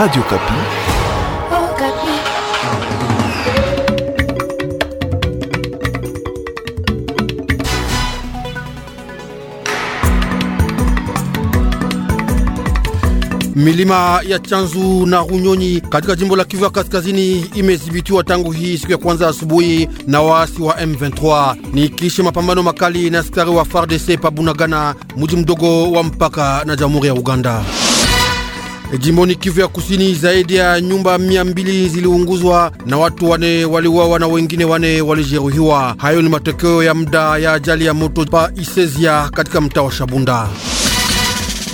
Radio Kapi. Oh, Kapi. Milima ya Chanzu na Runyonyi katika jimbo la Kivu ya Kaskazini imedhibitiwa tangu hii siku ya kwanza asubuhi na waasi wa M23 ni kisha mapambano makali na askari wa FARDC pabunagana, mji mdogo wa mpaka na Jamhuri ya Uganda. E, jimboni Kivu ya Kusini, zaidi ya nyumba mia mbili ziliunguzwa na watu wane waliuawa na wengine wane walijeruhiwa. Hayo ni matokeo ya muda ya ajali ya moto pa Isezia katika mtaa wa Shabunda.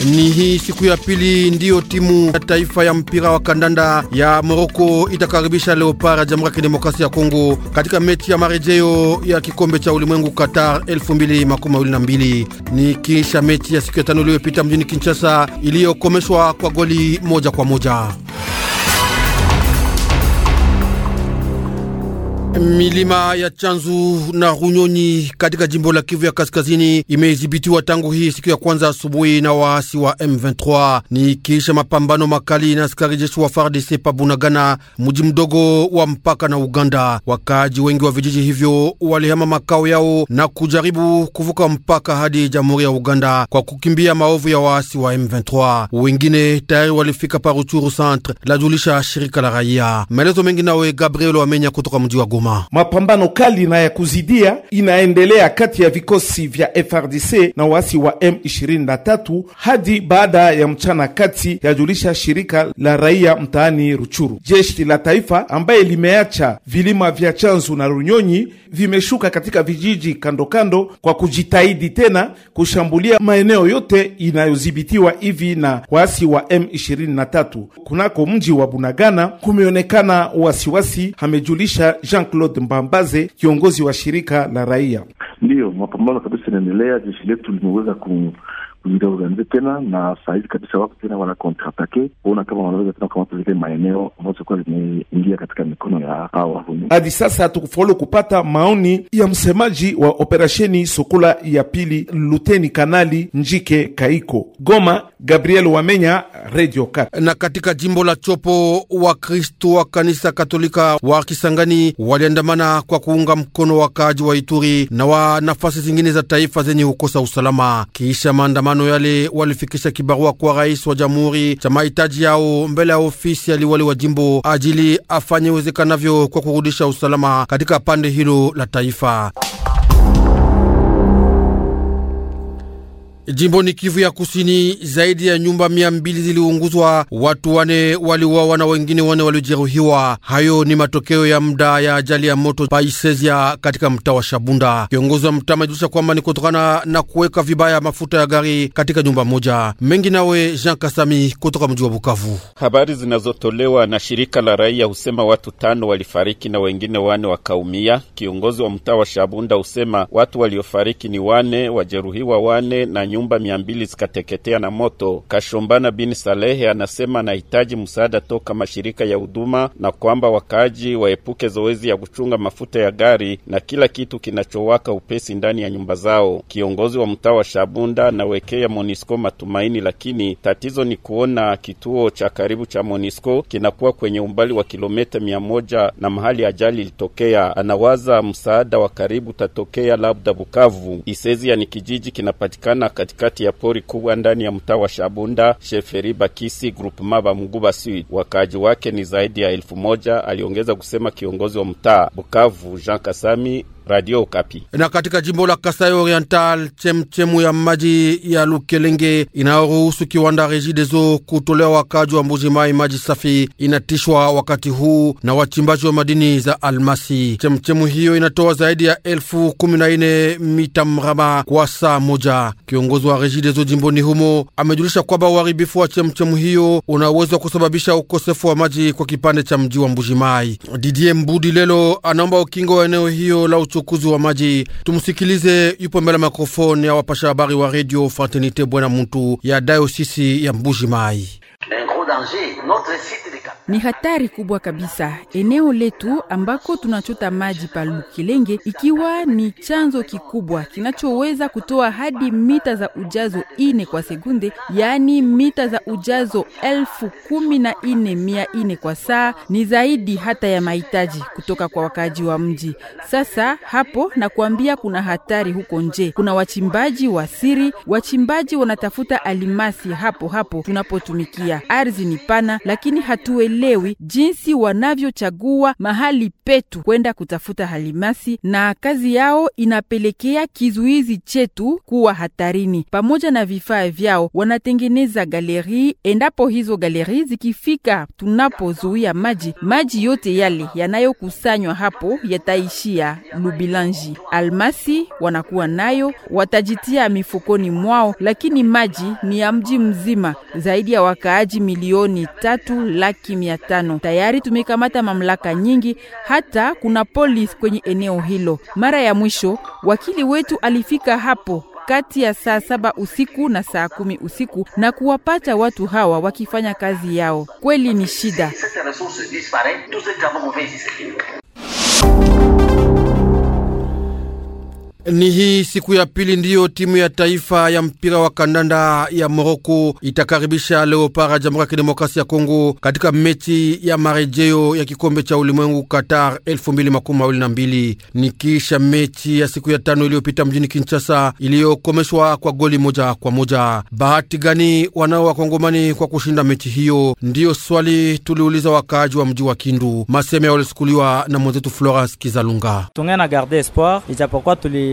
Ni hii siku ya pili ndiyo timu ya taifa ya mpira wa kandanda ya Moroko itakaribisha Leopard ya Jamhuri ya Kidemokrasia ya Kongo katika mechi ya marejeo ya kikombe cha ulimwengu Qatar 2022. Ni kisha mechi ya siku ya tano iliyopita mjini Kinshasa iliyokomeshwa kwa goli moja kwa moja. Milima ya Chanzu na Runyonyi katika jimbo la Kivu ya Kaskazini imeidhibitiwa tangu hii siku ya kwanza asubuhi na waasi wa M23 ni kiisha mapambano makali na askari jeshi wa FARDC Pabunagana, mji mdogo wa mpaka na Uganda. Wakaaji wengi wa vijiji hivyo walihama makao yao na kujaribu kuvuka mpaka hadi jamhuri ya Uganda kwa kukimbia maovu ya waasi wa M23. Wengine tayari walifika Paruchuru centre, lajulisha shirika la raia. Maelezo mengi nawe Gabriel Wamenya kutoka mji wa Goma. Goma. Mapambano kali na ya kuzidia inaendelea kati ya vikosi vya FRDC na waasi wa M23 hadi baada ya mchana kati, yajulisha shirika la raia mtaani Ruchuru. Jeshi la taifa ambaye limeacha vilima vya Chanzu na Runyonyi vimeshuka katika vijiji kando kando kwa kujitahidi tena kushambulia maeneo yote inayodhibitiwa hivi na waasi wa M23. Kunako mji wa Bunagana kumeonekana wasiwasi, amejulisha Jean Claude Mbambaze, kiongozi wa shirika la raia. Ndiyo, mapambano kabisa inaendelea. Jeshi letu limeweza ku ndio organize tena na sahizi kabisa, wako tena wana kontratake kuona kama wanaweza tena kukamata zile maeneo ambazo zilikuwa zimeingia katika mikono ya hawa. Hadi sasa hatukufaulu kupata maoni ya msemaji wa operasheni Sokola ya pili, Luteni Kanali Njike Kaiko. Goma, Gabriel Wamenya, Radio Kat. Na katika jimbo la Chopo, Wakristo wa kanisa Katolika wa Kisangani waliandamana kwa kuunga mkono wakaaji wa Ituri na wa nafasi zingine za taifa zenye kukosa usalama kiisha maandamano maandamano yale walifikisha kibarua kwa rais wa jamhuri cha mahitaji yao mbele ya ofisi ya liwali wa jimbo ajili afanye wezekanavyo kwa kurudisha usalama katika pande hilo la taifa. jimbo ni Kivu ya Kusini, zaidi ya nyumba mia mbili ziliunguzwa, watu wane waliuawa na wengine wane walijeruhiwa. Hayo ni matokeo ya muda ya ajali ya moto paisezia katika mtaa wa Shabunda. Kiongozi wa mtaa amejulisha kwamba ni kutokana na kuweka vibaya mafuta ya gari katika nyumba moja. Mengi nawe Jean Kasami kutoka mji wa Bukavu. Habari zinazotolewa na shirika la raia husema watu tano walifariki na wengine wane wakaumia. Kiongozi wa mtaa wa Shabunda husema watu waliofariki ni wane, wajeruhiwa wane na nyumba mia mbili zikateketea na moto. Kashombana bin Salehe anasema anahitaji msaada toka mashirika ya huduma na kwamba wakaaji waepuke zoezi ya kuchunga mafuta ya gari na kila kitu kinachowaka upesi ndani ya nyumba zao. Kiongozi wa mtaa wa Shabunda anawekea Monisco matumaini, lakini tatizo ni kuona kituo cha karibu cha Monisco kinakuwa kwenye umbali wa kilometa mia moja na mahali ajali ilitokea. Anawaza msaada wa karibu utatokea labda Bukavu. Isezia ni kijiji kinapatikana katikati ya pori kubwa ndani ya mtaa wa Shabunda, sheferi Bakisi groupema Bamuguba Sud. Wakaaji wake ni zaidi ya elfu moja, aliongeza kusema kiongozi wa mtaa Bukavu Jean Kasami. Radio Kapi. Na katika jimbo la Kasai Oriental, chemchemu ya maji ya Lukelenge inayoruhusu kiwanda Regideso kutolewa wakaji wa Mbuji Mai maji safi inatishwa wakati huu na wachimbaji wa madini za almasi. Chemchemu hiyo inatoa zaidi ya elfu kumi na nne mita mraba kwa saa moja. Kiongozi wa Regideso jimboni humo amejulisha kwamba uharibifu wa chemchemu hiyo unaweza kusababisha ukosefu wa maji kwa kipande cha mji wa Mbuji Mai. Didie Mbudi Lelo anaomba ukingo wa eneo hiyo la uchukuzi wa maji. Tumsikilize, yupo mbele ya makrofoni ya wapasha habari wa redio Fraternite Bwana mutu ya dayosisi ya Mbuji Mai. Ni hatari kubwa kabisa eneo letu ambako tunachota maji pa Lukilenge, ikiwa ni chanzo kikubwa kinachoweza kutoa hadi mita za ujazo ine kwa sekunde, yaani mita za ujazo elfu kumi na ine mia ine kwa saa, ni zaidi hata ya mahitaji kutoka kwa wakaaji wa mji. Sasa hapo nakuambia, kuna hatari huko nje, kuna wachimbaji wa siri, wachimbaji wanatafuta alimasi hapo hapo tunapotumikia ardhi kazi ni pana, lakini hatuelewi jinsi wanavyochagua mahali petu kwenda kutafuta halimasi, na kazi yao inapelekea kizuizi chetu kuwa hatarini. Pamoja na vifaa vyao, wanatengeneza galeri. Endapo hizo galeri zikifika tunapozuia maji, maji yote yale yanayokusanywa hapo yataishia Lubilanji. Almasi wanakuwa nayo, watajitia mifukoni mwao, lakini maji ni ya mji mzima, zaidi ya wakaaji milioni milioni tatu laki mia tano. Tayari tumekamata mamlaka nyingi, hata kuna polisi kwenye eneo hilo. Mara ya mwisho wakili wetu alifika hapo kati ya saa saba usiku na saa kumi usiku na kuwapata watu hawa wakifanya kazi yao. Kweli ni shida. Ni hii siku ya pili ndiyo timu ya taifa ya mpira wa kandanda ya Moroko itakaribisha Leopard ya Jamhuri ya kidemokrasi ya Kongo katika mechi ya marejeo ya kikombe cha ulimwengu Qatar 2022. Ni kisha mechi ya siku ya tano iliyopita mjini Kinshasa iliyokomeshwa kwa goli moja kwa moja. Bahati gani wanao wakongomani kwa kushinda mechi hiyo? Ndiyo swali tuliuliza wakaaji wa mji wa Kindu. Maseme yalichukuliwa na mwenzetu Florence Kizalunga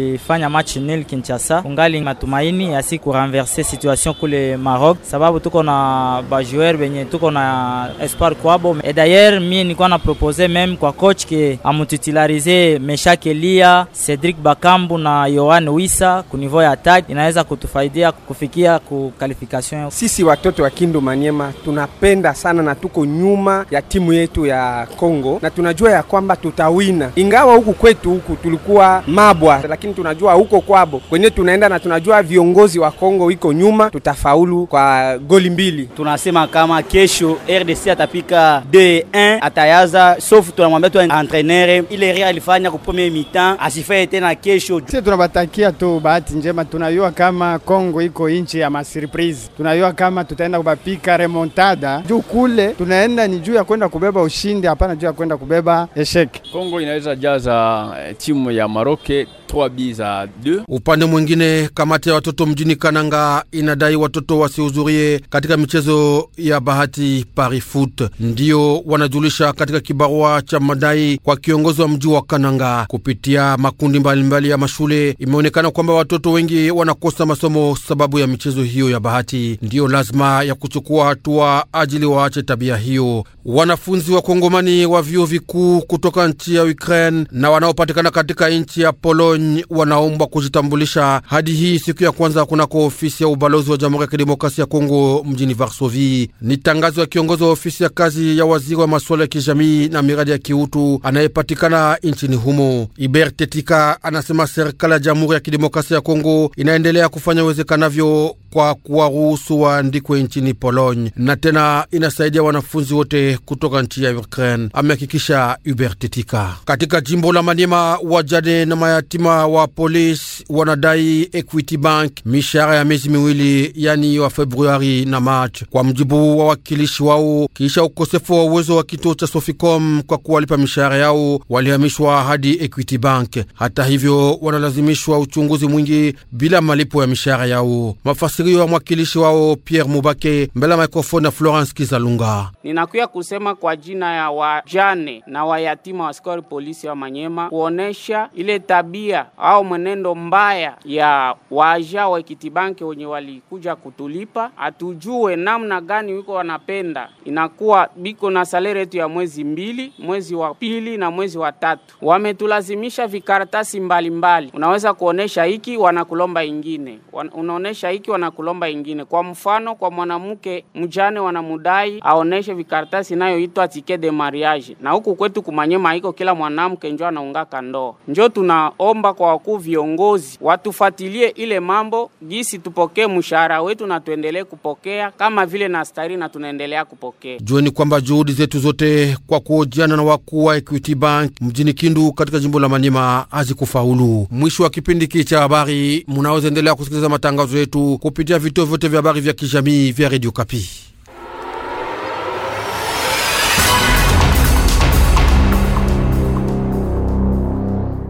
tulifanya match nil Kinshasa, ungali matumaini ya siku kuranverse situation kule Maroc, sababu tuko na bajoueur benye tuko na espoir kwabo. Et d'ailleurs mie nilikuwa na propose meme kwa coach ke amutitularize Meshak Elia, Cedric Bakambu na Yohan Wisa ku niveau ya attaque, inaweza kutufaidia kufikia ku qualification. Sisi watoto wa Kindu manyema tunapenda sana na tuko nyuma ya timu yetu ya Kongo na tunajua ya kwamba tutawina, ingawa huku kwetu huku tulikuwa mabwa lakini lakini tunajua huko kwabo kwenye tunaenda na tunajua viongozi wa Kongo iko nyuma, tutafaulu kwa goli mbili. Tunasema kama kesho RDC atapika 2-1 atayaza, sauf, tunamwambia tu entraîneur ile ria alifanya ku premier mi-temps asifaye tena kesho. Sisi tunabatakia tu bahati njema, tunajua kama Kongo iko inchi ya masurprise, tunajua kama tutaenda kubapika remontada juu kule tunaenda ni juu ya kwenda kubeba ushindi, hapana juu ya kwenda kubeba esheke Kongo inaweza jaza eh, timu ya Maroke 3 2. Upande mwingine, kamati ya watoto mjini Kananga inadai watoto wasihudhurie katika michezo ya bahati Foot, ndiyo wanajulisha katika kibarua cha madai kwa kiongozi wa mji wa Kananga. Kupitia makundi mbalimbali mbali ya mashule, imeonekana kwamba watoto wengi wanakosa masomo sababu ya michezo hiyo ya bahati. Ndiyo lazima ya kuchukua hatua ajili waache tabia hiyo. Wanafunzi wa Kongomani wa vyuo vikuu kutoka nchi ya Ukraine na wanaopatikana katika nchi ya Pologne Pologne wanaombwa kujitambulisha hadi hii siku ya kwanza kunako ofisi ya ubalozi wa Jamhuri ya Kidemokrasia ya Kongo mjini Varsovie. Ni tangazo ya kiongozi wa ofisi ya kazi ya waziri wa masuala ya kijamii na miradi ya kiutu anayepatikana nchini humo. Ibert Tetika anasema serikali ya Jamhuri ya Kidemokrasia ya Kongo inaendelea kufanya uwezekanavyo kwa kuwaruhusu waandikwe nchini Pologne na tena inasaidia wanafunzi wote kutoka nchi ya Ukraine, amehakikisha Hubert Tetika. Katika jimbo la Maniema, wajane na mayatima wa polisi wanadai Equity Bank mishahara ya miezi miwili, yani wa Februari na March, kwa mjibu wa wakilishi wao. Kisha ukosefu wa uwezo wa kituo cha Soficom kwa kuwalipa mishahara yao, walihamishwa hadi Equity Bank. Hata hivyo, wanalazimishwa uchunguzi mwingi bila malipo ya mishahara yao. Mafasirio ya mwakilishi wao Pierre Mubake mbele ya mikrofoni ya Florence Kizalunga. Ninakuya kusema kwa jina ya wajane na wayatima wa askari polisi wa Manyema kuonesha ile tabia au mwenendo mbaya ya waja wa Bank wenye walikuja kutulipa, atujue namna gani wiko wanapenda. Inakuwa biko na salere yetu ya mwezi mbili, mwezi wa pili na mwezi wa tatu, wametulazimisha vikaratasi mbalimbali. Unaweza kuonesha hiki wanakulomba ingine, unaonesha hiki wanakulomba ingine. Kwa mfano, kwa mwanamke mjane wanamudai aoneshe vikaratasi inayoitwa tike de mariage, na huku kwetu kumanyema iko kila mwanamke njo anaungaka ndoa, njo tunaomba tunaomba kwa wakuu viongozi watufuatilie ile mambo jinsi, tupokee mshahara wetu na tuendelee kupokea kama vile na stari na tunaendelea kupokea. Jueni kwamba juhudi zetu zote kwa kuojiana na wakuu wa Equity Bank mjini Kindu katika jimbo la Manima hazikufaulu. Mwisho wa kipindi hiki cha habari, munaweza endelea kusikiliza matangazo yetu kupitia vituo vyote vya habari vya kijamii vya Radio Kapi.